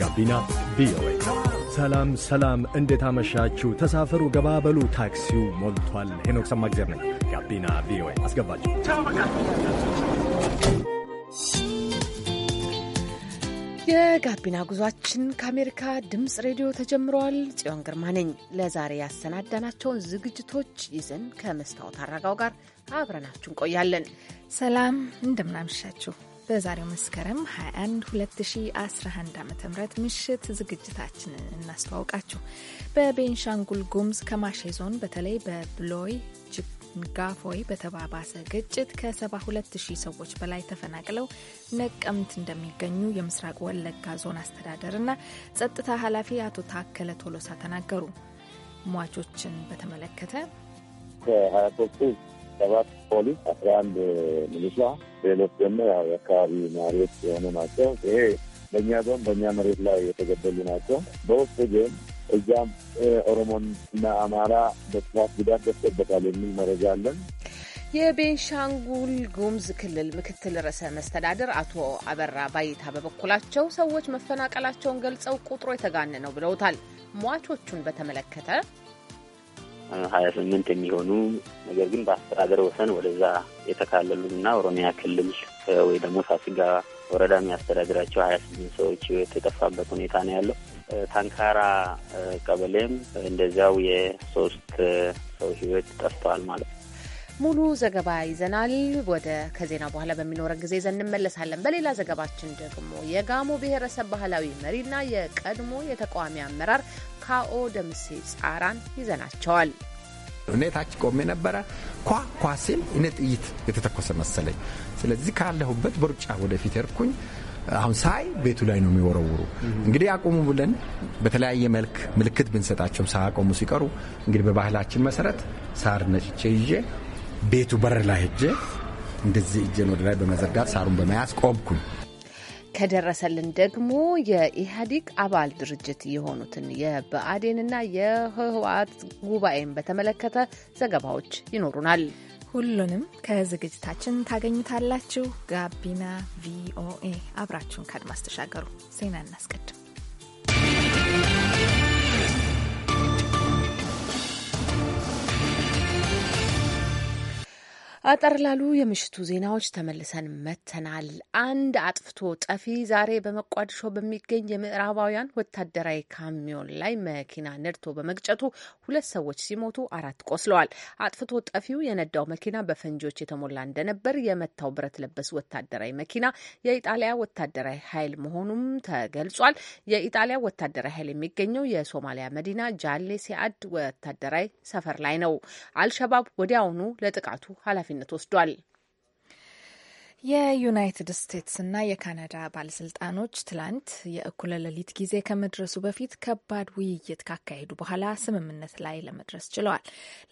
ጋቢና ቪኦኤ። ሰላም ሰላም፣ እንዴት አመሻችሁ? ተሳፈሩ፣ ገባበሉ፣ ታክሲው ሞልቷል። ሄኖክ ሰማግዜር ነኝ። ጋቢና ቪኦኤ አስገባችሁ። የጋቢና ጉዟችን ከአሜሪካ ድምፅ ሬዲዮ ተጀምረዋል። ጽዮን ግርማ ነኝ። ለዛሬ ያሰናዳናቸውን ዝግጅቶች ይዘን ከመስታወት አረጋው ጋር አብረናችሁ እንቆያለን። ሰላም፣ እንደምናመሻችሁ በዛሬው መስከረም 21 2011 ዓ ም ምሽት ዝግጅታችንን እናስተዋውቃችሁ። በቤንሻንጉል ጉምዝ ከማሼ ዞን በተለይ በብሎይ ጋፎይ በተባባሰ ግጭት ከ72000 ሰዎች በላይ ተፈናቅለው ነቀምት እንደሚገኙ የምስራቅ ወለጋ ዞን አስተዳደርና ጸጥታ ኃላፊ አቶ ታከለ ቶሎሳ ተናገሩ። ሟቾችን በተመለከተ ከ23 ሰባት ፖሊስ፣ አስራ አንድ ሚሊሻ፣ ሌሎች ደግሞ ያው የአካባቢ ነዋሪዎች የሆኑ ናቸው። ይሄ በእኛ ዞን በእኛ መሬት ላይ የተገደሉ ናቸው። በውስጥ ግን እዛም ኦሮሞና አማራ በስፋት ጉዳት ደርሶበታል የሚል መረጃ አለን። የቤንሻንጉል ጉሙዝ ክልል ምክትል ርዕሰ መስተዳድር አቶ አበራ ባይታ በበኩላቸው ሰዎች መፈናቀላቸውን ገልጸው ቁጥሩ የተጋነ ነው ብለውታል። ሟቾቹን በተመለከተ ሀያ ስምንት የሚሆኑ ነገር ግን በአስተዳደር ወሰን ወደዛ የተካለሉ ና ኦሮሚያ ክልል ወይ ደግሞ ፋሲጋ ወረዳ የሚያስተዳድራቸው ሀያ ስምንት ሰዎች ህይወት የጠፋበት ሁኔታ ነው ያለው። ታንካራ ቀበሌም እንደዚያው የሶስት ሰው ህይወት ጠፍተዋል ማለት ነው። ሙሉ ዘገባ ይዘናል። ወደ ከዜና በኋላ በሚኖረን ጊዜ ይዘን እንመለሳለን። በሌላ ዘገባችን ደግሞ የጋሞ ብሔረሰብ ባህላዊ መሪና የቀድሞ የተቃዋሚ አመራር ካኦ ደምሴ ጻራን ይዘናቸዋል። ሁኔታች ቆም ቆሜ ነበረ። ኳ ኳ ሲል እኔ ጥይት የተተኮሰ መሰለኝ። ስለዚህ ካለሁበት በሩጫ ወደፊት ርኩኝ። አሁን ሳይ ቤቱ ላይ ነው የሚወረውሩ። እንግዲህ አቁሙ ብለን በተለያየ መልክ ምልክት ብንሰጣቸው ሳያቆሙ ሲቀሩ እንግዲህ በባህላችን መሰረት ሳር ነጭቼ ይዤ ቤቱ በር ላይ ሄጄ እንደዚህ እጄን ወደ ላይ በመዘርጋት ሳሩን በመያዝ ቆምኩኝ። ከደረሰልን ደግሞ የኢህአዴግ አባል ድርጅት የሆኑትን የብአዴንና የህወሓት ጉባኤን በተመለከተ ዘገባዎች ይኖሩናል። ሁሉንም ከዝግጅታችን ታገኙታላችሁ። ጋቢና ቪኦኤ አብራችሁን ከአድማስ ተሻገሩ። ዜና እናስቀድም። አጠር ላሉ የምሽቱ ዜናዎች ተመልሰን መተናል። አንድ አጥፍቶ ጠፊ ዛሬ በመቋድሾ በሚገኝ የምዕራባውያን ወታደራዊ ካሚዮን ላይ መኪና ነድቶ በመግጨቱ ሁለት ሰዎች ሲሞቱ አራት ቆስለዋል። አጥፍቶ ጠፊው የነዳው መኪና በፈንጂዎች የተሞላ እንደነበር የመታው ብረት ለበስ ወታደራዊ መኪና የኢጣሊያ ወታደራዊ ኃይል መሆኑም ተገልጿል። የኢጣሊያ ወታደራዊ ኃይል የሚገኘው የሶማሊያ መዲና ጃሌ ሲአድ ወታደራዊ ሰፈር ላይ ነው። አልሸባብ ወዲያውኑ ለጥቃቱ ኃላፊ ኃላፊነት ወስዷል። የዩናይትድ ስቴትስና የካናዳ ባለስልጣኖች ትላንት የእኩለ ሌሊት ጊዜ ከመድረሱ በፊት ከባድ ውይይት ካካሄዱ በኋላ ስምምነት ላይ ለመድረስ ችለዋል።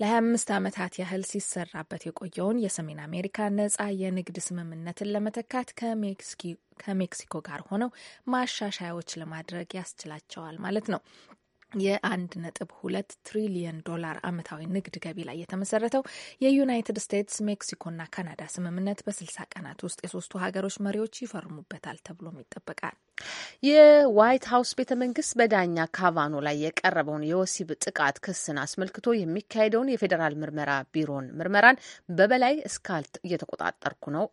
ለ25 ዓመታት ያህል ሲሰራበት የቆየውን የሰሜን አሜሪካ ነጻ የንግድ ስምምነትን ለመተካት ከሜክሲኮ ጋር ሆነው ማሻሻያዎች ለማድረግ ያስችላቸዋል ማለት ነው። የአንድ ነጥብ ሁለት ትሪሊየን ዶላር አመታዊ ንግድ ገቢ ላይ የተመሰረተው የዩናይትድ ስቴትስ ሜክሲኮና ካናዳ ስምምነት በስልሳ ቀናት ውስጥ የሶስቱ ሀገሮች መሪዎች ይፈርሙበታል ተብሎም ይጠበቃል። የዋይት ሀውስ ቤተ መንግስት በዳኛ ካቫኖ ላይ የቀረበውን የወሲብ ጥቃት ክስን አስመልክቶ የሚካሄደውን የፌዴራል ምርመራ ቢሮን ምርመራን በበላይ እስካልት እየተቆጣጠርኩ ነው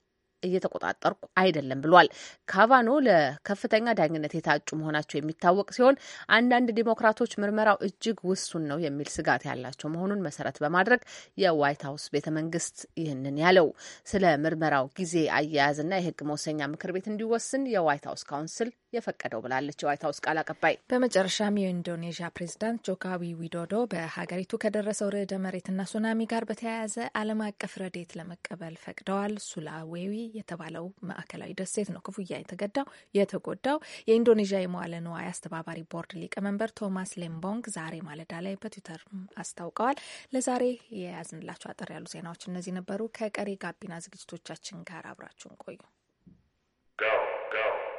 እየተቆጣጠርኩ አይደለም ብሏል። ካቫኖ ለከፍተኛ ዳኝነት የታጩ መሆናቸው የሚታወቅ ሲሆን አንዳንድ ዲሞክራቶች ምርመራው እጅግ ውሱን ነው የሚል ስጋት ያላቸው መሆኑን መሰረት በማድረግ የዋይት ሀውስ ቤተ መንግስት ይህንን ያለው ስለ ምርመራው ጊዜ አያያዝና የህግ መወሰኛ ምክር ቤት እንዲወስን የዋይት ሀውስ ካውንስል የፈቀደው ብላለች የዋይት ሀውስ ቃል አቀባይ። በመጨረሻም የኢንዶኔዥያ ፕሬዚዳንት ጆካዊ ዊዶዶ በሀገሪቱ ከደረሰው ርዕደ መሬትና ሱናሚ ጋር በተያያዘ ዓለም አቀፍ ረዴት ለመቀበል ፈቅደዋል። ሱላዌዊ የተባለው ማዕከላዊ ደሴት ነው ክፉኛ የተገዳው የተጎዳው። የኢንዶኔዥያ የመዋለ ንዋይ አስተባባሪ ቦርድ ሊቀመንበር ቶማስ ሌምቦንግ ዛሬ ማለዳ ላይ በትዊተር አስታውቀዋል። ለዛሬ የያዝንላቸው አጠር ያሉ ዜናዎች እነዚህ ነበሩ። ከቀሪ ጋቢና ዝግጅቶቻችን ጋር አብራችሁን ቆዩ።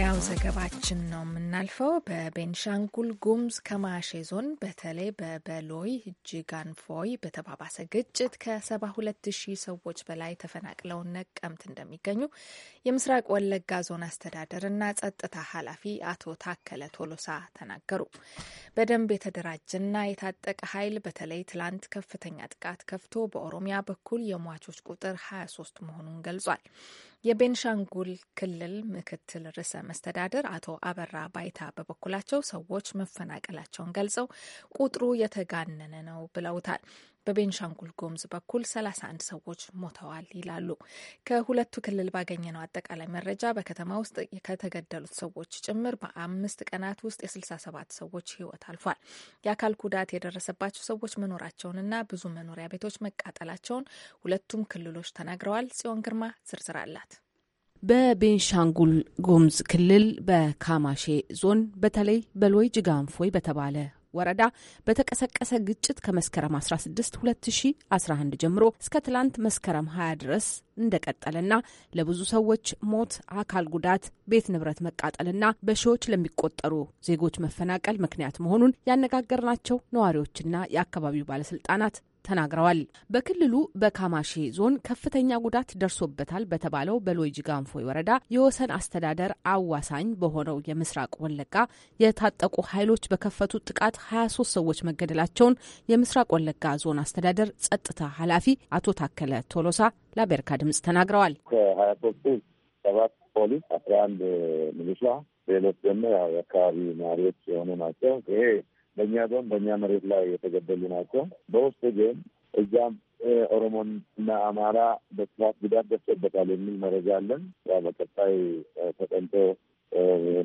ያው ዘገባችን ነው የምናልፈው። በቤንሻንጉል ጉሙዝ ከማሼ ዞን በተለይ በበሎይ ጅጋንፎይ በተባባሰ ግጭት ከ ሁለት ሺህ ሰዎች በላይ ተፈናቅለው ነቀምት እንደሚገኙ የምስራቅ ወለጋ ዞን አስተዳደርና ጸጥታ ኃላፊ አቶ ታከለ ቶሎሳ ተናገሩ። በደንብ የተደራጀና የታጠቀ ኃይል በተለይ ትላንት ከፍተኛ ጥቃት ከፍቶ በኦሮሚያ በኩል የሟቾች ቁጥር 23 መሆኑን ገልጿል። የቤንሻንጉል ክልል ምክትል ርዕሰ መስተዳደር አቶ አበራ ባይታ በበኩላቸው ሰዎች መፈናቀላቸውን ገልጸው ቁጥሩ የተጋነነ ነው ብለውታል። በቤንሻንጉል ጎምዝ በኩል 31 ሰዎች ሞተዋል ይላሉ። ከሁለቱ ክልል ባገኘነው አጠቃላይ መረጃ በከተማ ውስጥ ከተገደሉት ሰዎች ጭምር በአምስት ቀናት ውስጥ የ67 ሰዎች ህይወት አልፏል። የአካል ጉዳት የደረሰባቸው ሰዎች መኖራቸውንና ብዙ መኖሪያ ቤቶች መቃጠላቸውን ሁለቱም ክልሎች ተናግረዋል። ጽዮን ግርማ ዝርዝር አላት። በቤንሻንጉል ጉሙዝ ክልል በካማሼ ዞን በተለይ በሎይ ጅጋንፎይ በተባለ ወረዳ በተቀሰቀሰ ግጭት ከመስከረም 16 2011 ጀምሮ እስከ ትላንት መስከረም 20 ድረስ እንደቀጠለና ለብዙ ሰዎች ሞት፣ አካል ጉዳት፣ ቤት ንብረት መቃጠልና በሺዎች ለሚቆጠሩ ዜጎች መፈናቀል ምክንያት መሆኑን ያነጋገርናቸው ነዋሪዎችና የአካባቢው ባለስልጣናት ተናግረዋል። በክልሉ በካማሼ ዞን ከፍተኛ ጉዳት ደርሶበታል በተባለው በሎጂ ጋንፎይ ወረዳ የወሰን አስተዳደር አዋሳኝ በሆነው የምስራቅ ወለጋ የታጠቁ ኃይሎች በከፈቱት ጥቃት 23 ሰዎች መገደላቸውን የምስራቅ ወለጋ ዞን አስተዳደር ጸጥታ ኃላፊ አቶ ታከለ ቶሎሳ ለአሜሪካ ድምጽ ተናግረዋል። ከሀያ ሶስቱ ሰባት ፖሊስ አስራ አንድ ሚሊሻ ሌሎች ደግሞ የአካባቢ ነዋሪዎች የሆኑ ናቸው። ይሄ በእኛ ዞን በእኛ መሬት ላይ የተገደሉ ናቸው። በውስጥ ግን እዛም ኦሮሞና አማራ በስፋት ጉዳት ደርሶበታል የሚል መረጃ አለን። በቀጣይ ተጠንቶ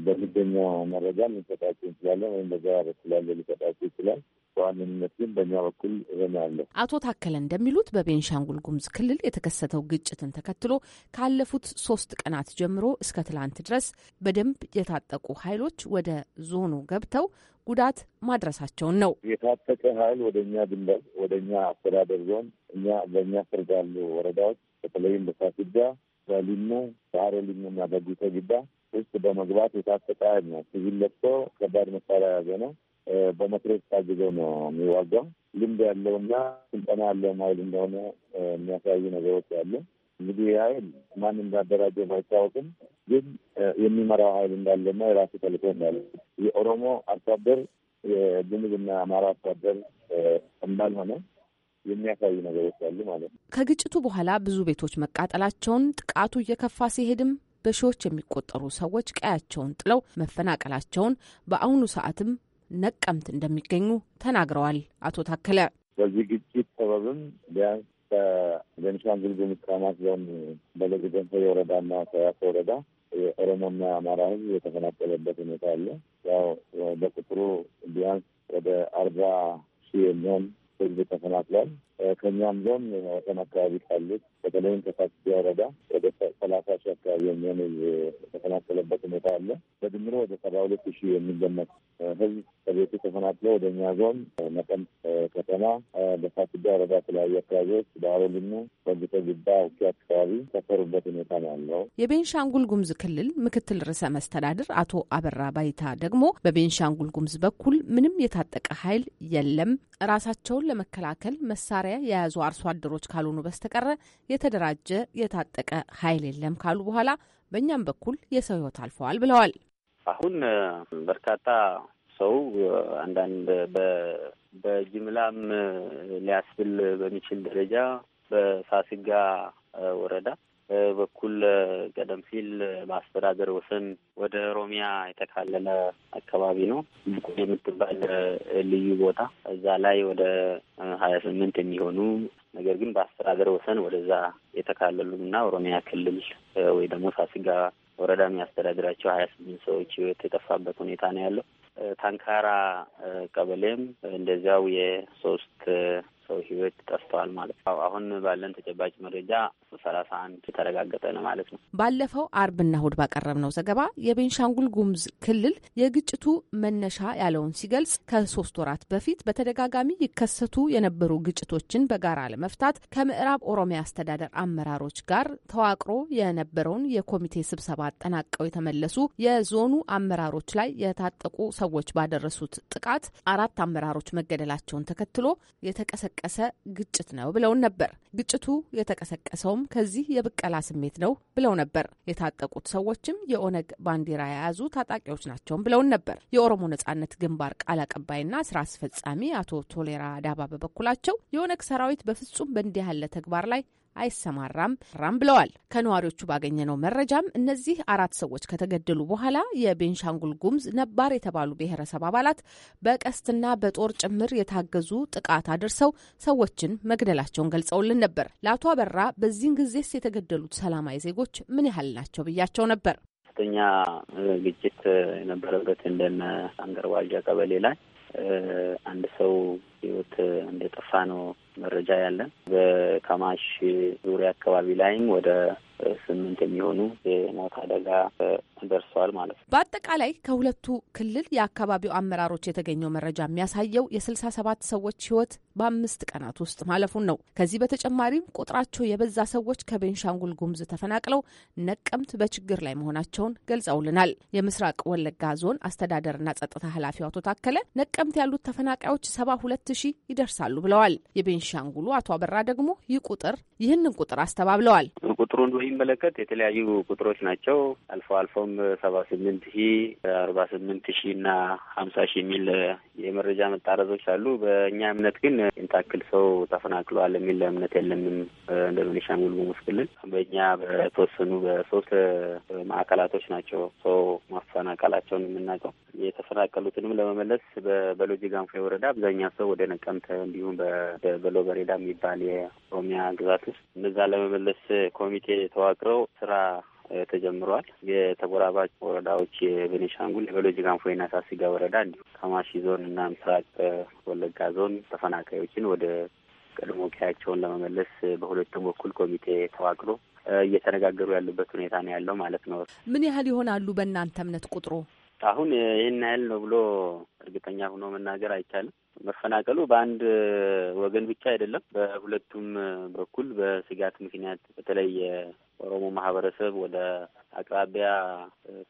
በሚገኛ መረጃ ልንሰጣቸው እንችላለን ወይም በዛ በኩል ያለ ሊሰጣቸው ይችላል። በዋነኝነት ግን በእኛ በኩል ይሄን ያለው አቶ ታከለ እንደሚሉት በቤንሻንጉል ጉምዝ ክልል የተከሰተው ግጭትን ተከትሎ ካለፉት ሶስት ቀናት ጀምሮ እስከ ትላንት ድረስ በደንብ የታጠቁ ኃይሎች ወደ ዞኑ ገብተው ጉዳት ማድረሳቸውን ነው። የታጠቀ ኃይል ወደ እኛ ድንበር፣ ወደ እኛ አስተዳደር ዞን እኛ በእኛ ስር ባሉ ወረዳዎች በተለይም በሳፊዳ፣ በሊሙ፣ በአሮ ሊሙ እና በጉቶ ጊዳ ውስጥ በመግባት የታጠቀ ኃይል ነው። ሲቪል ለብሶ ከባድ መሳሪያ የያዘ ነው። በመትረየስ ታግዘው ነው የሚዋጋው። ልምድ ያለውና ስልጠና ያለውም ኃይል እንደሆነ የሚያሳዩ ነገሮች አሉ። እንግዲህ ኃይል ማን እንዳደራጀው ባይታወቅም ግን የሚመራው ኃይል እንዳለና የራሱ ተልዕኮ እንዳለ የኦሮሞ አርሶ አደር የጉሙዝና አማራ አርሶ አደር እንዳልሆነ የሚያሳዩ ነገሮች አሉ ማለት ነው። ከግጭቱ በኋላ ብዙ ቤቶች መቃጠላቸውን ጥቃቱ እየከፋ ሲሄድም በሺዎች የሚቆጠሩ ሰዎች ቀያቸውን ጥለው መፈናቀላቸውን በአሁኑ ሰዓትም ነቀምት እንደሚገኙ ተናግረዋል። አቶ ታከለ በዚህ ግጭት ሰበብም ቢያንስ ከቤኒሻንጉል ጉሙዝ ካማሽ ዞን በለግ ገንፎ የወረዳና ሰያፍ ወረዳ የኦሮሞና የአማራ ሕዝብ የተፈናቀለበት ሁኔታ አለ። ያው በቁጥሩ ቢያንስ ወደ አርባ ሺህ የሚሆን ሕዝብ ተፈናቅሏል። ከኛም ዞን መተማ አካባቢ ካሉት በተለይም ከሳክሲ ወረዳ ወደ ሰላሳ ሺህ አካባቢ የሚሆን የተፈናቀለበት ሁኔታ አለ። በድምሮ ወደ ሰባ ሁለት ሺህ የሚገመት ህዝብ ከቤቱ ተፈናቅሎ ወደ እኛ ዞን ነቀምት ከተማ በሳክሲ ወረዳ የተለያዩ አካባቢዎች በአሮ ልሙ፣ ወልተ ግባ፣ ውኪ አካባቢ ሰፈሩበት ሁኔታ ነው ያለው። የቤንሻንጉል ጉምዝ ክልል ምክትል ርዕሰ መስተዳድር አቶ አበራ ባይታ ደግሞ በቤንሻንጉል ጉምዝ በኩል ምንም የታጠቀ ኃይል የለም ራሳቸውን ለመከላከል መሳሪያ መሳሪያ የያዙ አርሶ አደሮች ካልሆኑ በስተቀረ የተደራጀ የታጠቀ ኃይል የለም ካሉ በኋላ በእኛም በኩል የሰው ህይወት አልፈዋል ብለዋል። አሁን በርካታ ሰው አንዳንድ በጅምላም ሊያስብል በሚችል ደረጃ በሳስጋ ወረዳ በኩል ቀደም ሲል በአስተዳደር ወሰን ወደ ኦሮሚያ የተካለለ አካባቢ ነው የምትባል ልዩ ቦታ እዛ ላይ ወደ ሀያ ስምንት የሚሆኑ ነገር ግን በአስተዳደር ወሰን ወደዛ የተካለሉ እና ኦሮሚያ ክልል ወይ ደግሞ ሳስጋ ወረዳ የሚያስተዳድራቸው ሀያ ስምንት ሰዎች ህይወት የጠፋበት ሁኔታ ነው ያለው። ታንካራ ቀበሌም እንደዚያው የሶስት ሰው ህይወት ጠፍተዋል ማለት ነው። አሁን ባለን ተጨባጭ መረጃ ሰላሳ አንድ ተረጋገጠ ነው ማለት ነው። ባለፈው አርብና እሁድ ባቀረብነው ዘገባ የቤንሻንጉል ጉሙዝ ክልል የግጭቱ መነሻ ያለውን ሲገልጽ ከሶስት ወራት በፊት በተደጋጋሚ ይከሰቱ የነበሩ ግጭቶችን በጋራ ለመፍታት ከምዕራብ ኦሮሚያ አስተዳደር አመራሮች ጋር ተዋቅሮ የነበረውን የኮሚቴ ስብሰባ አጠናቀው የተመለሱ የዞኑ አመራሮች ላይ የታጠቁ ሰዎች ባደረሱት ጥቃት አራት አመራሮች መገደላቸውን ተከትሎ የተቀሰ የተቀሰቀሰ ግጭት ነው ብለውን ነበር። ግጭቱ የተቀሰቀሰውም ከዚህ የብቀላ ስሜት ነው ብለው ነበር። የታጠቁት ሰዎችም የኦነግ ባንዲራ የያዙ ታጣቂዎች ናቸውም ብለውን ነበር። የኦሮሞ ነጻነት ግንባር ቃል አቀባይና ስራ አስፈጻሚ አቶ ቶሌራ ዳባ በበኩላቸው የኦነግ ሰራዊት በፍጹም በእንዲህ ያለ ተግባር ላይ አይሰማራም ራም ብለዋል። ከነዋሪዎቹ ባገኘነው መረጃም እነዚህ አራት ሰዎች ከተገደሉ በኋላ የቤንሻንጉል ጉሙዝ ነባር የተባሉ ብሔረሰብ አባላት በቀስትና በጦር ጭምር የታገዙ ጥቃት አድርሰው ሰዎችን መግደላቸውን ገልጸውልን ነበር። ለአቶ አበራ በዚህን ጊዜስ የተገደሉት ሰላማዊ ዜጎች ምን ያህል ናቸው ብያቸው ነበር። ከፍተኛ ግጭት የነበረበት እንደነ አንገር ቀበሌ ላይ አንድ ሰው ህይወት እንደጠፋ ነው መረጃ ያለን። በከማሽ ዙሪያ አካባቢ ላይም ወደ ስምንት የሚሆኑ የሞት አደጋ ደርሰዋል ማለት ነው። በአጠቃላይ ከሁለቱ ክልል የአካባቢው አመራሮች የተገኘው መረጃ የሚያሳየው የስልሳ ሰባት ሰዎች ህይወት በአምስት ቀናት ውስጥ ማለፉን ነው። ከዚህ በተጨማሪም ቁጥራቸው የበዛ ሰዎች ከቤንሻንጉል ጉምዝ ተፈናቅለው ነቀምት በችግር ላይ መሆናቸውን ገልጸውልናል። የምስራቅ ወለጋ ዞን አስተዳደርና ጸጥታ ኃላፊው አቶ ታከለ ነቀምት ያሉት ተፈናቃዮች ሰባ ሁለት ሺህ ይደርሳሉ ብለዋል። የቤንሻንጉሉ አቶ አበራ ደግሞ ይህ ቁጥር ይህንን ቁጥር አስተባብለዋል። ቁጥሩን በሚመለከት የተለያዩ ቁጥሮች ናቸው። አልፎ አልፎም ሰባ ስምንት ሺህ አርባ ስምንት ሺህ እና ሀምሳ ሺህ የሚል የመረጃ መጣረዞች አሉ። በእኛ እምነት ግን ይንታክል ሰው ተፈናቅሏል የሚል ለእምነት የለንም። እንደ ቤኒሻንጉል ጉሙዝ ክልል በእኛ በተወሰኑ በሶስት ማዕከላቶች ናቸው ሰው ማፈናቀላቸውን የምናውቀው። የተፈናቀሉትንም ለመመለስ በሎጂ ጋንፎ ወረዳ አብዛኛ ሰው ወደ ነቀምተ እንዲሁም በሬዳ የሚባል የኦሮሚያ ግዛት ውስጥ እነዛ ለመመለስ ኮሚቴ ተዋቅረው ስራ ተጀምሯል። የተጎራባች ወረዳዎች የቤኒሻንጉል የበሎጂ ጋንፎይና ሳሲጋ ወረዳ እንዲሁም ከማሺ ዞን እና ምስራቅ ወለጋ ዞን ተፈናቃዮችን ወደ ቀድሞ ቀያቸውን ለመመለስ በሁለቱም በኩል ኮሚቴ ተዋቅሎ እየተነጋገሩ ያሉበት ሁኔታ ነው ያለው ማለት ነው። ምን ያህል ይሆናሉ በእናንተ እምነት ቁጥሩ? አሁን ይህን ያህል ነው ብሎ እርግጠኛ ሆኖ መናገር አይቻልም። መፈናቀሉ በአንድ ወገን ብቻ አይደለም። በሁለቱም በኩል በስጋት ምክንያት በተለይ ኦሮሞ ማህበረሰብ ወደ አቅራቢያ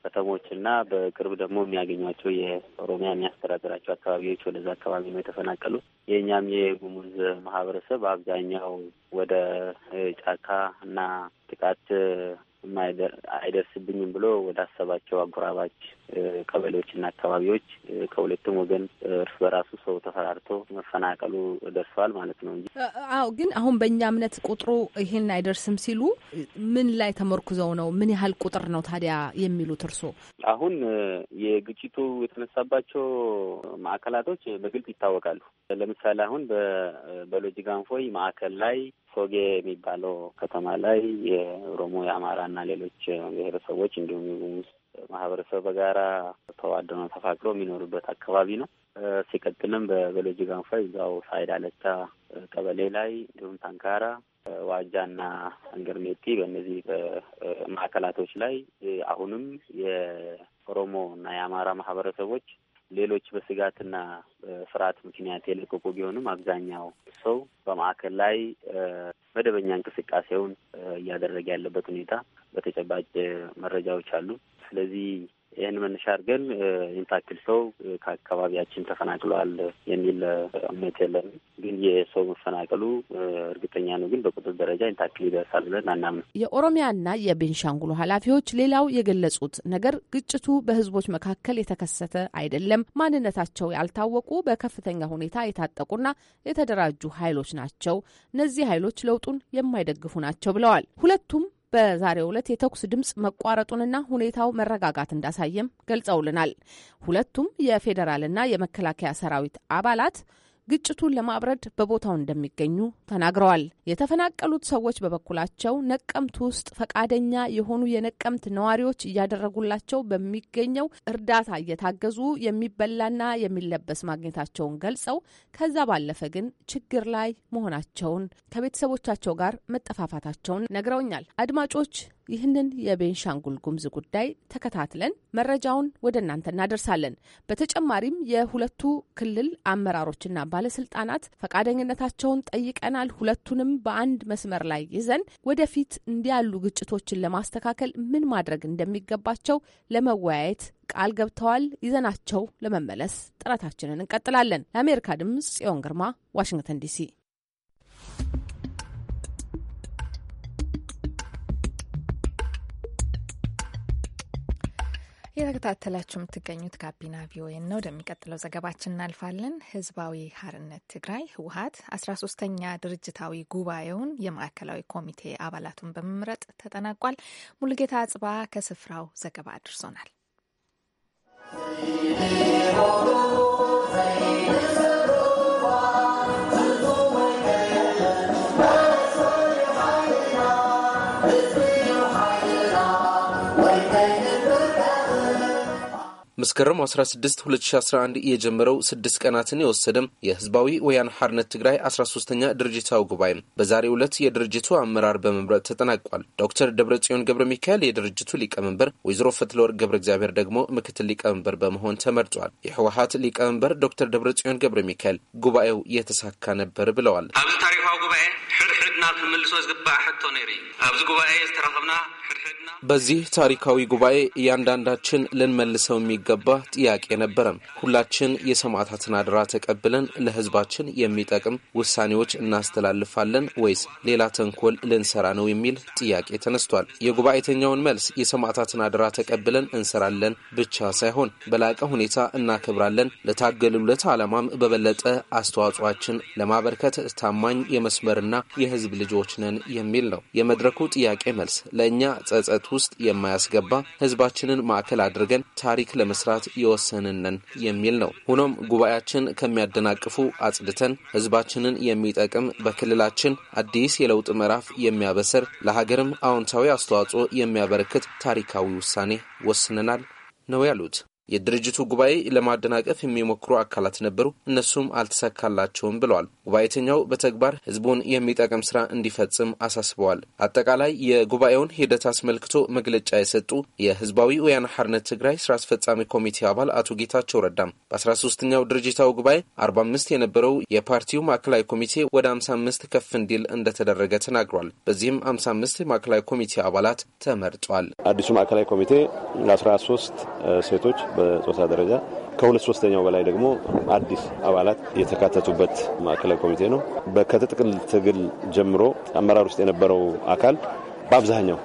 ከተሞችና በቅርብ ደግሞ የሚያገኟቸው የኦሮሚያ የሚያስተዳድራቸው አካባቢዎች ወደዛ አካባቢ ነው የተፈናቀሉት። የእኛም የጉሙዝ ማህበረሰብ አብዛኛው ወደ ጫካ እና ጥቃት አይደርስብኝም ብሎ ወደ አሰባቸው አጎራባች ቀበሌዎችና አካባቢዎች ከሁለቱም ወገን እርስ በራሱ ሰው ተፈራርቶ መፈናቀሉ ደርሰዋል ማለት ነው እንጂ አዎ። ግን አሁን በእኛ እምነት ቁጥሩ ይሄን አይደርስም ሲሉ ምን ላይ ተመርኩዘው ነው? ምን ያህል ቁጥር ነው ታዲያ የሚሉት እርስዎ? አሁን የግጭቱ የተነሳባቸው ማዕከላቶች በግልጽ ይታወቃሉ። ለምሳሌ አሁን በሎጂ ጋንፎይ ማዕከል ላይ ሶጌ የሚባለው ከተማ ላይ የኦሮሞ የአማራና ሌሎች ብሔረሰቦች እንዲሁም ማህበረሰብ በጋራ ተዋደኖ ተፋቅሮ የሚኖሩበት አካባቢ ነው። ሲቀጥልም በበሎጂ ጋንፋ እዛው ሳይድ አለቻ ቀበሌ ላይ እንዲሁም ታንካራ፣ ዋጃና አንገርሜቲ በእነዚህ ማዕከላቶች ላይ አሁንም የኦሮሞ እና የአማራ ማህበረሰቦች ሌሎች በስጋትና ፍርሃት ምክንያት የለቀቁ ቢሆንም አብዛኛው ሰው በማዕከል ላይ መደበኛ እንቅስቃሴውን እያደረገ ያለበት ሁኔታ በተጨባጭ መረጃዎች አሉ። ስለዚህ ይህን መነሻ አድርገን ኢንታክል ሰው ከአካባቢያችን ተፈናቅሏል የሚል እምነት የለን። ግን የሰው መፈናቀሉ እርግጠኛ ነው፣ ግን በቁጥር ደረጃ ኢንታክል ይደርሳል ብለን አናምንም። የኦሮሚያና የቤንሻንጉሉ ኃላፊዎች ሌላው የገለጹት ነገር ግጭቱ በህዝቦች መካከል የተከሰተ አይደለም፣ ማንነታቸው ያልታወቁ በከፍተኛ ሁኔታ የታጠቁና የተደራጁ ኃይሎች ናቸው። እነዚህ ኃይሎች ለውጡን የማይደግፉ ናቸው ብለዋል። ሁለቱም በዛሬው ዕለት የተኩስ ድምፅ መቋረጡንና ሁኔታው መረጋጋት እንዳሳየም ገልጸውልናል። ሁለቱም የፌዴራልና የመከላከያ ሰራዊት አባላት ግጭቱን ለማብረድ በቦታው እንደሚገኙ ተናግረዋል። የተፈናቀሉት ሰዎች በበኩላቸው ነቀምት ውስጥ ፈቃደኛ የሆኑ የነቀምት ነዋሪዎች እያደረጉላቸው በሚገኘው እርዳታ እየታገዙ የሚበላና የሚለበስ ማግኘታቸውን ገልጸው ከዛ ባለፈ ግን ችግር ላይ መሆናቸውን ከቤተሰቦቻቸው ጋር መጠፋፋታቸውን ነግረውኛል። አድማጮች ይህንን የቤንሻንጉል ጉምዝ ጉዳይ ተከታትለን መረጃውን ወደ እናንተ እናደርሳለን። በተጨማሪም የሁለቱ ክልል አመራሮችና ባለስልጣናት ፈቃደኝነታቸውን ጠይቀናል። ሁለቱንም በአንድ መስመር ላይ ይዘን ወደፊት እንዲያሉ ግጭቶችን ለማስተካከል ምን ማድረግ እንደሚገባቸው ለመወያየት ቃል ገብተዋል። ይዘናቸው ለመመለስ ጥረታችንን እንቀጥላለን። ለአሜሪካ ድምጽ ጽዮን ግርማ ዋሽንግተን ዲሲ እየተከታተላችሁ የምትገኙት ጋቢና ቪኦኤ ነው። ወደሚቀጥለው ዘገባችን እናልፋለን። ህዝባዊ ሀርነት ትግራይ ህወሀት አስራ ሶስተኛ ድርጅታዊ ጉባኤውን የማዕከላዊ ኮሚቴ አባላቱን በመምረጥ ተጠናቋል። ሙሉጌታ አጽባ ከስፍራው ዘገባ አድርሶናል። መስከረም 16 2011 የጀመረው ስድስት ቀናትን የወሰደም የህዝባዊ ወያን ሐርነት ትግራይ 13ኛ ድርጅታዊ ጉባኤም በዛሬ ዕለት የድርጅቱ አመራር በመምረጥ ተጠናቋል። ዶክተር ደብረጽዮን ገብረ ሚካኤል የድርጅቱ ሊቀመንበር፣ ወይዘሮ ፈትለወርቅ ገብረ እግዚአብሔር ደግሞ ምክትል ሊቀመንበር በመሆን ተመርጧል። የህወሀት ሊቀመንበር ዶክተር ደብረጽዮን ገብረ ሚካኤል ጉባኤው የተሳካ ነበር ብለዋል። ኣብዚ ታሪካዊ ጉባኤ ናብ ክምልሶ ዝግባእ ሕቶ ነይሩ እዩ ኣብዚ ጉባኤ ዝተረኸብና ሕድሕድና በዚህ ታሪካዊ ጉባኤ እያንዳንዳችን ልንመልሰው የሚገባ ጥያቄ ነበረን። ሁላችን የሰማዕታትን አድራ ተቀብለን ለህዝባችን የሚጠቅም ውሳኔዎች እናስተላልፋለን ወይስ ሌላ ተንኮል ልንሰራ ነው የሚል ጥያቄ ተነስቷል። የጉባኤተኛውን መልስ የሰማዕታትን አድራ ተቀብለን እንሰራለን ብቻ ሳይሆን በላቀ ሁኔታ እናከብራለን፣ ለታገሉለት ዓላማም በበለጠ አስተዋጽኦችን ለማበርከት ታማኝ የመስመርና የህዝብ? ልጆች ነን የሚል ነው የመድረኩ ጥያቄ መልስ። ለእኛ ጸጸት ውስጥ የማያስገባ ህዝባችንን ማዕከል አድርገን ታሪክ ለመስራት የወሰንን ነን የሚል ነው። ሆኖም ጉባኤያችን ከሚያደናቅፉ አጽድተን ህዝባችንን የሚጠቅም በክልላችን አዲስ የለውጥ ምዕራፍ የሚያበስር ለሀገርም አዎንታዊ አስተዋጽኦ የሚያበረክት ታሪካዊ ውሳኔ ወስነናል ነው ያሉት። የድርጅቱ ጉባኤ ለማደናቀፍ የሚሞክሩ አካላት ነበሩ፣ እነሱም አልተሳካላቸውም ብለዋል። ጉባኤተኛው በተግባር ህዝቡን የሚጠቅም ስራ እንዲፈጽም አሳስበዋል። አጠቃላይ የጉባኤውን ሂደት አስመልክቶ መግለጫ የሰጡ የህዝባዊ ወያነ ሐርነት ትግራይ ስራ አስፈጻሚ ኮሚቴ አባል አቶ ጌታቸው ረዳም በ13ኛው ድርጅታዊ ጉባኤ 45 የነበረው የፓርቲው ማዕከላዊ ኮሚቴ ወደ 55 ከፍ እንዲል እንደተደረገ ተናግሯል። በዚህም 55 ማዕከላዊ ኮሚቴ አባላት ተመርጧል። አዲሱ ማዕከላዊ ኮሚቴ ለ13 ሴቶች በጾታ ደረጃ ከሁለት ሶስተኛው በላይ ደግሞ አዲስ አባላት የተካተቱበት ማዕከላዊ ኮሚቴ ነው። ከትጥቅል ትግል ጀምሮ አመራር ውስጥ የነበረው አካል በአብዛኛው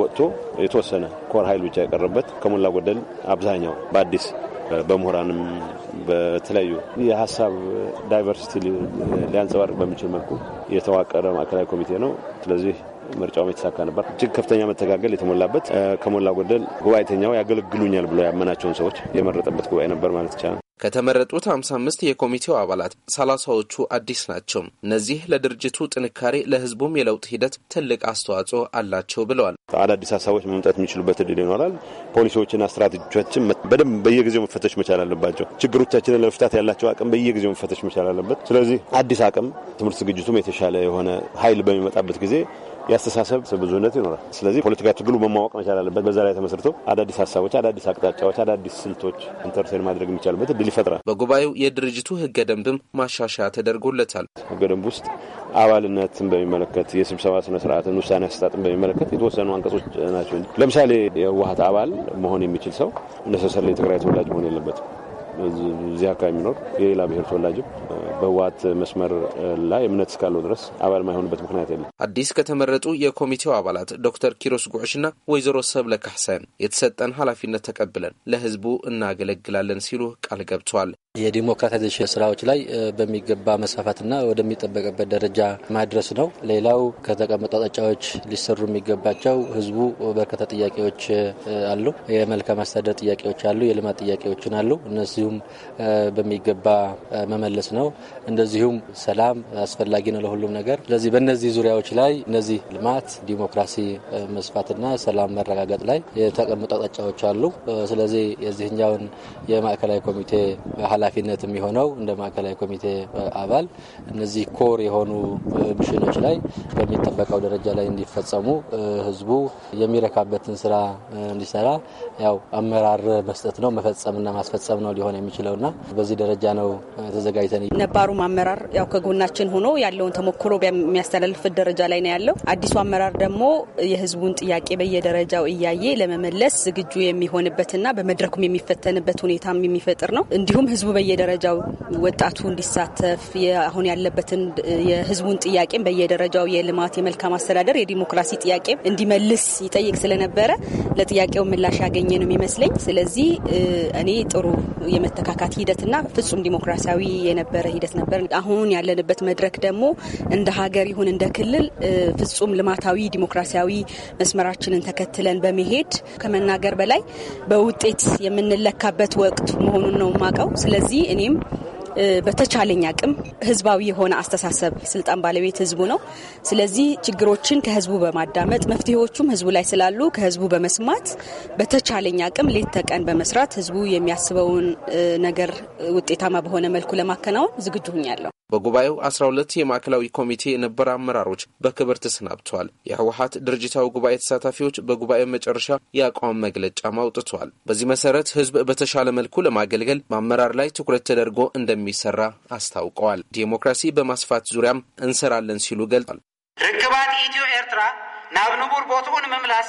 ወጥቶ የተወሰነ ኮር ኃይል ብቻ የቀረበት ከሞላ ጎደል አብዛኛው በአዲስ በምሁራንም በተለያዩ የሀሳብ ዳይቨርሲቲ ሊያንጸባርቅ በሚችል መልኩ የተዋቀረ ማዕከላዊ ኮሚቴ ነው። ስለዚህ ምርጫው የተሳካ ነበር። እጅግ ከፍተኛ መተጋገል የተሞላበት ከሞላ ጎደል ጉባኤተኛው ያገለግሉኛል ብሎ ያመናቸውን ሰዎች የመረጠበት ጉባኤ ነበር ማለት ይቻላል። ከተመረጡት 55 የኮሚቴው አባላት ሰላሳዎቹ አዲስ ናቸው። እነዚህ ለድርጅቱ ጥንካሬ ለህዝቡም የለውጥ ሂደት ትልቅ አስተዋጽኦ አላቸው ብለዋል። አዳዲስ ሀሳቦች መምጣት የሚችሉበት እድል ይኖራል። ፖሊሲዎችና ስትራቴጂዎችን በደንብ በየጊዜው መፈተሽ መቻል አለባቸው። ችግሮቻችንን ለመፍታት ያላቸው አቅም በየጊዜው መፈተሽ መቻል አለበት። ስለዚህ አዲስ አቅም ትምህርት ዝግጅቱም የተሻለ የሆነ ኃይል በሚመጣበት ጊዜ የአስተሳሰብ ብዙነት ይኖራል። ስለዚህ ፖለቲካ ትግሉ መማወቅ መቻል አለበት። በዛ ላይ ተመስርቶ አዳዲስ ሀሳቦች፣ አዳዲስ አቅጣጫዎች፣ አዳዲስ ስልቶች ኢንተርቴን ማድረግ የሚቻልበት እድል ይፈጥራል። በጉባኤው የድርጅቱ ህገ ደንብም ማሻሻያ ተደርጎለታል። ህገ ደንብ ውስጥ አባልነትን በሚመለከት የስብሰባ ስነስርዓትን፣ ውሳኔ አሰጣጥን በሚመለከት የተወሰኑ አንቀጾች ናቸው። ለምሳሌ የህወሀት አባል መሆን የሚችል ሰው ነሰሰር የትግራይ ተወላጅ መሆን የለበትም። እዚያ አካባቢ የሚኖር የሌላ ብሔር ተወላጅም በዋት መስመር ላይ እምነት እስካለው ድረስ አባል ማይሆንበት ምክንያት የለም። አዲስ ከተመረጡ የኮሚቴው አባላት ዶክተር ኪሮስ ጉዕሽና ወይዘሮ ሰብለ ካሕሰን የተሰጠን ኃላፊነት ተቀብለን ለህዝቡ እናገለግላለን ሲሉ ቃል ገብተዋል። የዲሞክራታይዜሽን ስራዎች ላይ በሚገባ መስፋፋትና ወደሚጠበቅበት ደረጃ ማድረስ ነው። ሌላው ከተቀመጡ አቅጣጫዎች ሊሰሩ የሚገባቸው ህዝቡ በርካታ ጥያቄዎች አሉ። የመልካም አስተዳደር ጥያቄዎች አሉ፣ የልማት ጥያቄዎችን አሉ። እነዚሁም በሚገባ መመለስ ነው። እንደዚሁም ሰላም አስፈላጊ ነው ለሁሉም ነገር። ስለዚህ በእነዚህ ዙሪያዎች ላይ እነዚህ ልማት፣ ዲሞክራሲ መስፋትና ሰላም መረጋገጥ ላይ የተቀመጡ አቅጣጫዎች አሉ። ስለዚህ የዚህኛውን የማዕከላዊ ኮሚቴ ኃላፊነት የሚሆነው እንደ ማዕከላዊ ኮሚቴ አባል እነዚህ ኮር የሆኑ ሚሽኖች ላይ በሚጠበቀው ደረጃ ላይ እንዲፈጸሙ ህዝቡ የሚረካበትን ስራ እንዲሰራ ያው አመራር መስጠት ነው መፈጸምና ማስፈጸም ነው ሊሆን የሚችለውና በዚህ ደረጃ ነው ተዘጋጅተን ነባሩም አመራር ያው ከጎናችን ሆኖ ያለውን ተሞክሮ የሚያስተላልፍበት ደረጃ ላይ ነው ያለው። አዲሱ አመራር ደግሞ የህዝቡን ጥያቄ በየደረጃው እያየ ለመመለስ ዝግጁ የሚሆንበትና በመድረኩም የሚፈተንበት ሁኔታም የሚፈጥር ነው። እንዲሁም ህዝቡ ህዝቡ በየደረጃው ወጣቱ እንዲሳተፍ አሁን ያለበትን የህዝቡን ጥያቄም በየደረጃው የልማት፣ የመልካም አስተዳደር፣ የዲሞክራሲ ጥያቄም እንዲመልስ ይጠይቅ ስለነበረ ለጥያቄው ምላሽ ያገኘ ነው የሚመስለኝ። ስለዚህ እኔ ጥሩ የመተካካት ሂደትና ፍጹም ዲሞክራሲያዊ የነበረ ሂደት ነበር። አሁን ያለንበት መድረክ ደግሞ እንደ ሀገር ይሁን እንደ ክልል ፍጹም ልማታዊ ዲሞክራሲያዊ መስመራችንን ተከትለን በመሄድ ከመናገር በላይ በውጤት የምንለካበት ወቅት መሆኑን ነው የማውቀው። ስለዚህ እኔም በተቻለኝ አቅም ህዝባዊ የሆነ አስተሳሰብ ስልጣን ባለቤት ህዝቡ ነው። ስለዚህ ችግሮችን ከህዝቡ በማዳመጥ መፍትሄዎቹም ህዝቡ ላይ ስላሉ ከህዝቡ በመስማት በተቻለኝ አቅም ሌት ተቀን በመስራት ህዝቡ የሚያስበውን ነገር ውጤታማ በሆነ መልኩ ለማከናወን ዝግጁ ሁኛለሁ። በጉባኤው 12 የማዕከላዊ ኮሚቴ የነበረ አመራሮች በክብር ተሰናብተዋል። የህወሀት ድርጅታዊ ጉባኤ ተሳታፊዎች በጉባኤው መጨረሻ የአቋም መግለጫም አውጥተዋል። በዚህ መሰረት ህዝብ በተሻለ መልኩ ለማገልገል በአመራር ላይ ትኩረት ተደርጎ እንደሚሰራ አስታውቀዋል። ዲሞክራሲ በማስፋት ዙሪያም እንሰራለን ሲሉ ገልጿል። ርክባት ኢትዮ ኤርትራ ናብ ንቡር ቦትኡን ምምላስ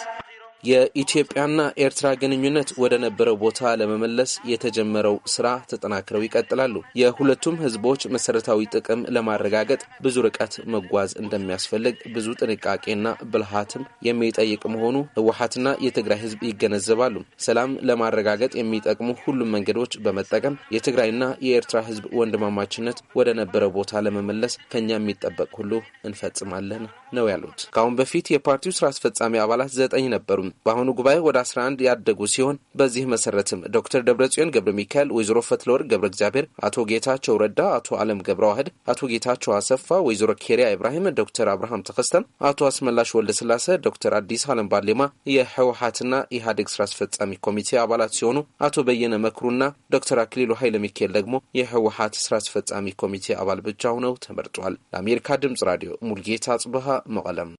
የኢትዮጵያና ኤርትራ ግንኙነት ወደ ነበረው ቦታ ለመመለስ የተጀመረው ስራ ተጠናክረው ይቀጥላሉ። የሁለቱም ህዝቦች መሰረታዊ ጥቅም ለማረጋገጥ ብዙ ርቀት መጓዝ እንደሚያስፈልግ ብዙ ጥንቃቄና ብልሃትም የሚጠይቅ መሆኑ ህወሀትና የትግራይ ህዝብ ይገነዘባሉ። ሰላም ለማረጋገጥ የሚጠቅሙ ሁሉም መንገዶች በመጠቀም የትግራይና የኤርትራ ህዝብ ወንድማማችነት ወደ ነበረው ቦታ ለመመለስ ከኛ የሚጠበቅ ሁሉ እንፈጽማለን። ነው ያሉት። ከአሁን በፊት የፓርቲው ስራ አስፈጻሚ አባላት ዘጠኝ ነበሩ። በአሁኑ ጉባኤ ወደ 11 ያደጉ ሲሆን በዚህ መሰረትም ዶክተር ደብረጽዮን ገብረ ሚካኤል፣ ወይዘሮ ፈትለወርቅ ገብረ እግዚአብሔር፣ አቶ ጌታቸው ረዳ፣ አቶ አለም ገብረ ዋህድ፣ አቶ ጌታቸው አሰፋ፣ ወይዘሮ ኬሪያ ኢብራሂም፣ ዶክተር አብርሃም ተከስተም፣ አቶ አስመላሽ ወልደ ስላሴ፣ ዶክተር አዲስ አለም ባሌማ የህወሀትና ኢህአዴግ ስራ አስፈጻሚ ኮሚቴ አባላት ሲሆኑ አቶ በየነ መክሩና ዶክተር አክሊሉ ኃይለ ሚካኤል ደግሞ የህወሀት ስራ አስፈጻሚ ኮሚቴ አባል ብቻ ሆነው ተመርጧል። ለአሜሪካ ድምጽ ራዲዮ ሙልጌታ ጽብሃ መቐለም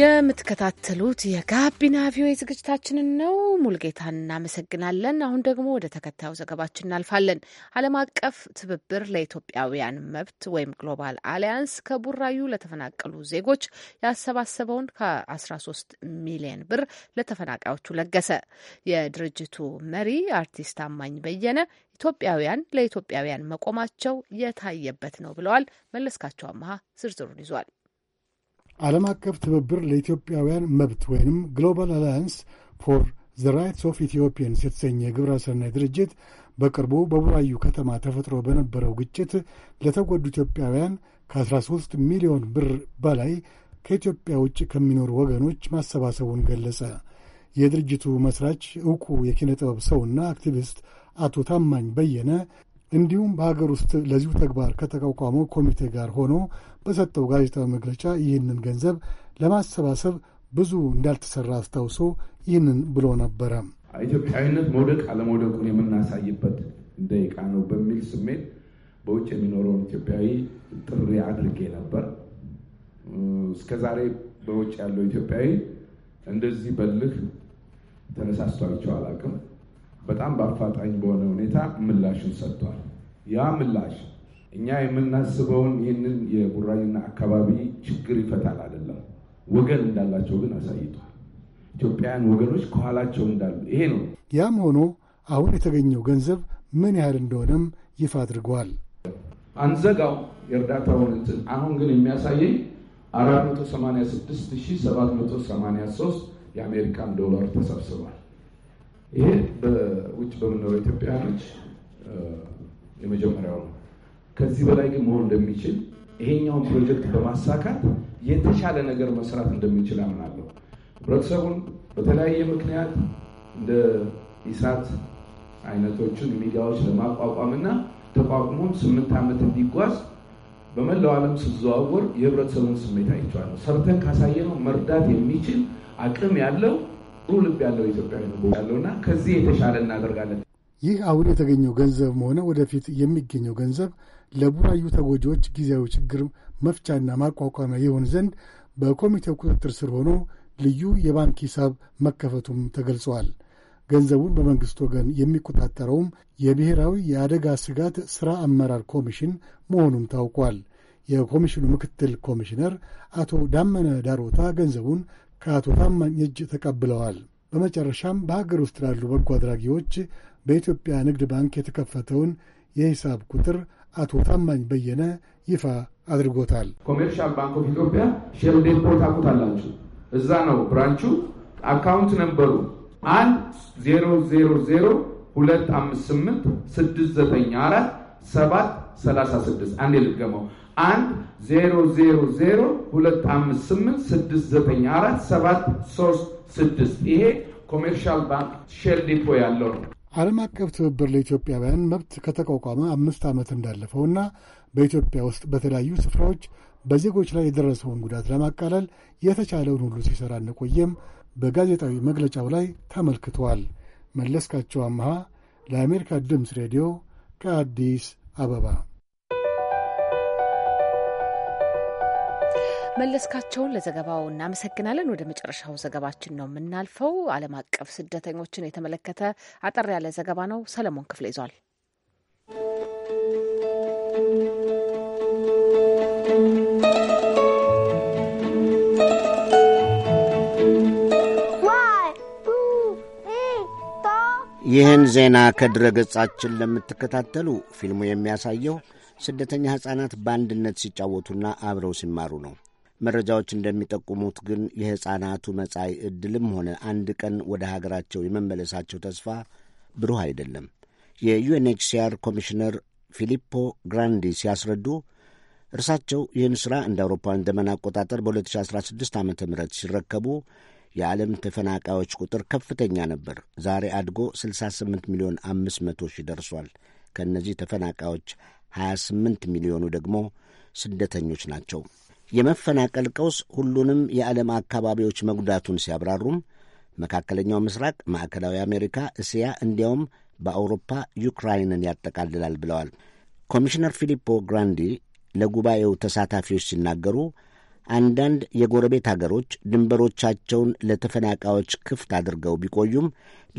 የምትከታተሉት የጋቢና ቪኦኤ ዝግጅታችንን ነው። ሙልጌታ እናመሰግናለን። አሁን ደግሞ ወደ ተከታዩ ዘገባችን እናልፋለን። ዓለም አቀፍ ትብብር ለኢትዮጵያውያን መብት ወይም ግሎባል አሊያንስ ከቡራዩ ለተፈናቀሉ ዜጎች ያሰባሰበውን ከ13 ሚሊዮን ብር ለተፈናቃዮቹ ለገሰ። የድርጅቱ መሪ አርቲስት አማኝ በየነ ኢትዮጵያውያን ለኢትዮጵያውያን መቆማቸው የታየበት ነው ብለዋል። መለስካቸው አመሀ ዝርዝሩን ይዟል። ዓለም አቀፍ ትብብር ለኢትዮጵያውያን መብት ወይንም ግሎባል አላያንስ ፎር ዘ ራይትስ ኦፍ ኢትዮጵያንስ የተሰኘ ሰናይ ድርጅት በቅርቡ በቡራዩ ከተማ ተፈጥሮ በነበረው ግጭት ለተጎዱ ኢትዮጵያውያን ከ13 ሚሊዮን ብር በላይ ከኢትዮጵያ ውጭ ከሚኖሩ ወገኖች ማሰባሰቡን ገለጸ። የድርጅቱ መስራች ዕውቁ የኪነ ጥበብ ሰውና አክቲቪስት አቶ ታማኝ በየነ እንዲሁም በሀገር ውስጥ ለዚሁ ተግባር ከተቋቋመው ኮሚቴ ጋር ሆኖ በሰጠው ጋዜጣዊ መግለጫ ይህንን ገንዘብ ለማሰባሰብ ብዙ እንዳልተሰራ አስታውሶ ይህንን ብሎ ነበረ። ኢትዮጵያዊነት መውደቅ አለመውደቁን የምናሳይበት ደቂቃ ነው በሚል ስሜት በውጭ የሚኖረውን ኢትዮጵያዊ ጥሪ አድርጌ ነበር። እስከዛሬ በውጭ ያለው ኢትዮጵያዊ እንደዚህ በልህ ተነሳስቷቸው አላውቅም። በጣም በአፋጣኝ በሆነ ሁኔታ ምላሹን ሰጥቷል። ያ ምላሽ እኛ የምናስበውን ይህንን የቡራዩና አካባቢ ችግር ይፈታል አይደለም፣ ወገን እንዳላቸው ግን አሳይቷል። ኢትዮጵያውያን ወገኖች ከኋላቸው እንዳሉ ይሄ ነው። ያም ሆኖ አሁን የተገኘው ገንዘብ ምን ያህል እንደሆነም ይፋ አድርገዋል። አንዘጋው የእርዳታውን እንትን አሁን ግን የሚያሳየኝ 486783 የአሜሪካን ዶላር ተሰብስቧል። ይሄ በውጭ በምኖረው ኢትዮጵያውያኖች የመጀመሪያው ነው። ከዚህ በላይ ግን መሆን እንደሚችል ይሄኛውን ፕሮጀክት በማሳካት የተሻለ ነገር መስራት እንደሚችል አምናለሁ። ህብረተሰቡን በተለያየ ምክንያት እንደ ኢሳት አይነቶችን ሚዲያዎች ለማቋቋምና ተቋቁሞም ስምንት ዓመት እንዲጓዝ በመላው ዓለም ስዘዋወር የህብረተሰቡን ስሜት አይቼዋለሁ። ሰርተን ካሳየነው መርዳት የሚችል አቅም ያለው ጥሩ ልብ ያለው ኢትዮጵያዊ ያለውና ከዚህ የተሻለ እናደርጋለን። ይህ አሁን የተገኘው ገንዘብም ሆነ ወደፊት የሚገኘው ገንዘብ ለቡራዩ ተጎጂዎች ጊዜያዊ ችግር መፍቻና ማቋቋሚያ ይሆን ዘንድ በኮሚቴው ቁጥጥር ስር ሆኖ ልዩ የባንክ ሂሳብ መከፈቱም ተገልጸዋል። ገንዘቡን በመንግሥት ወገን የሚቆጣጠረውም የብሔራዊ የአደጋ ስጋት ሥራ አመራር ኮሚሽን መሆኑም ታውቋል። የኮሚሽኑ ምክትል ኮሚሽነር አቶ ዳመነ ዳሮታ ገንዘቡን ከአቶ ታማኝ እጅ ተቀብለዋል። በመጨረሻም በሀገር ውስጥ ላሉ በጎ አድራጊዎች በኢትዮጵያ ንግድ ባንክ የተከፈተውን የሂሳብ ቁጥር አቶ ታማኝ በየነ ይፋ አድርጎታል። ኮሜርሻል ባንክ ኦፍ ኢትዮጵያ ሼል ዴፖ ታውቁታላችሁ። እዛ ነው ብራንቹ። አካውንት ነበሩ አንድ ዜሮ ዜሮ ዜሮ ሁለት አምስት ስምንት ስድስት ዘጠኝ አራት ሰባት ሰላሳ ስድስት አንድ የልገመው አንድ ዜሮ ዜሮ ዜሮ ሁለት አምስት ስምንት ስድስት ዘጠኝ አራት ሰባት ሶስት ስድስት ይሄ ኮሜርሻል ባንክ ሼል ዲፖ ያለው ነው። ዓለም አቀፍ ትብብር ለኢትዮጵያውያን መብት ከተቋቋመ አምስት ዓመት እንዳለፈውና በኢትዮጵያ ውስጥ በተለያዩ ስፍራዎች በዜጎች ላይ የደረሰውን ጉዳት ለማቃለል የተቻለውን ሁሉ ሲሠራ እንደቆየም በጋዜጣዊ መግለጫው ላይ ተመልክቷል። መለስካቸው አምሃ ለአሜሪካ ድምፅ ሬዲዮ ከአዲስ አበባ መለስካቸውን ለዘገባው እናመሰግናለን። ወደ መጨረሻው ዘገባችን ነው የምናልፈው። ዓለም አቀፍ ስደተኞችን የተመለከተ አጠር ያለ ዘገባ ነው። ሰለሞን ክፍለ ይዟል። ይህን ዜና ከድረ ገጻችን ለምትከታተሉ ፊልሙ የሚያሳየው ስደተኛ ሕፃናት በአንድነት ሲጫወቱና አብረው ሲማሩ ነው። መረጃዎች እንደሚጠቁሙት ግን የሕፃናቱ መጻኢ ዕድልም ሆነ አንድ ቀን ወደ ሀገራቸው የመመለሳቸው ተስፋ ብሩህ አይደለም። የዩኤንኤችሲአር ኮሚሽነር ፊሊፖ ግራንዲ ሲያስረዱ እርሳቸው ይህን ሥራ እንደ አውሮፓውያን ዘመን አቆጣጠር በ2016 ዓ ም ሲረከቡ የዓለም ተፈናቃዮች ቁጥር ከፍተኛ ነበር። ዛሬ አድጎ 68 ሚሊዮን 500 ሺህ ደርሷል። ከእነዚህ ተፈናቃዮች 28 ሚሊዮኑ ደግሞ ስደተኞች ናቸው። የመፈናቀል ቀውስ ሁሉንም የዓለም አካባቢዎች መጉዳቱን ሲያብራሩም መካከለኛው ምስራቅ፣ ማዕከላዊ አሜሪካ፣ እስያ እንዲያውም በአውሮፓ ዩክራይንን ያጠቃልላል ብለዋል። ኮሚሽነር ፊሊፖ ግራንዲ ለጉባኤው ተሳታፊዎች ሲናገሩ አንዳንድ የጎረቤት አገሮች ድንበሮቻቸውን ለተፈናቃዮች ክፍት አድርገው ቢቆዩም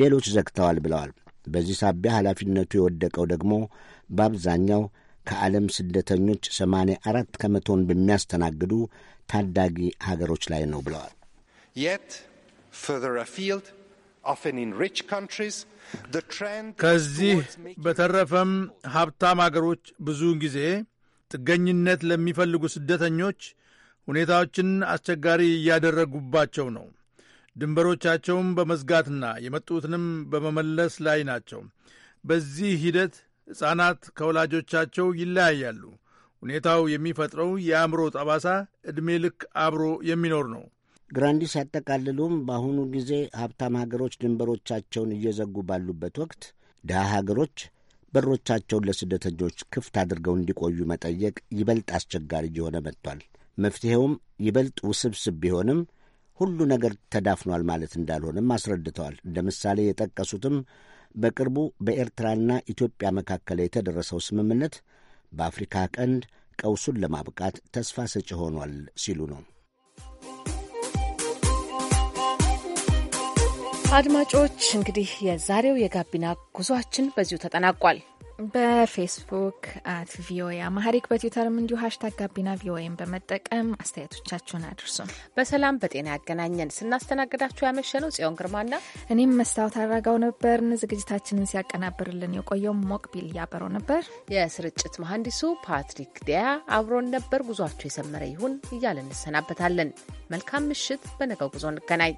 ሌሎች ዘግተዋል ብለዋል። በዚህ ሳቢያ ኃላፊነቱ የወደቀው ደግሞ በአብዛኛው ከዓለም ስደተኞች 84 ከመቶን በሚያስተናግዱ ታዳጊ ሀገሮች ላይ ነው ብለዋል። ከዚህ በተረፈም ሀብታም አገሮች ብዙውን ጊዜ ጥገኝነት ለሚፈልጉ ስደተኞች ሁኔታዎችን አስቸጋሪ እያደረጉባቸው ነው። ድንበሮቻቸውን በመዝጋትና የመጡትንም በመመለስ ላይ ናቸው። በዚህ ሂደት ሕፃናት ከወላጆቻቸው ይለያያሉ። ሁኔታው የሚፈጥረው የአእምሮ ጠባሳ ዕድሜ ልክ አብሮ የሚኖር ነው። ግራንዲስ ያጠቃልሉም በአሁኑ ጊዜ ሀብታም ሀገሮች ድንበሮቻቸውን እየዘጉ ባሉበት ወቅት ድሃ ሀገሮች በሮቻቸውን ለስደተኞች ክፍት አድርገው እንዲቆዩ መጠየቅ ይበልጥ አስቸጋሪ እየሆነ መጥቷል። መፍትሔውም ይበልጥ ውስብስብ ቢሆንም ሁሉ ነገር ተዳፍኗል ማለት እንዳልሆነም አስረድተዋል። እንደ ምሳሌ የጠቀሱትም በቅርቡ በኤርትራና ኢትዮጵያ መካከል የተደረሰው ስምምነት በአፍሪካ ቀንድ ቀውሱን ለማብቃት ተስፋ ሰጪ ሆኗል ሲሉ ነው። አድማጮች እንግዲህ የዛሬው የጋቢና ጉዟችን በዚሁ ተጠናቋል። በፌስቡክ አት ቪኦኤ አማሀሪክ በትዊተርም እንዲሁ ሀሽታግ ጋቢና ቪኦኤም በመጠቀም አስተያየቶቻችሁን አድርሱን። በሰላም በጤና ያገናኘን። ስናስተናግዳችሁ ያመሸነው ጽዮን ግርማና እኔም መስታወት አድራጋው ነበርን። ዝግጅታችንን ሲያቀናብርልን የቆየው ሞቅ ቢል እያበረው ነበር። የስርጭት መሐንዲሱ ፓትሪክ ዲያ አብሮን ነበር። ጉዟችሁ የሰመረ ይሁን እያለ እንሰናበታለን። መልካም ምሽት። በነገው ጉዞ እንገናኝ።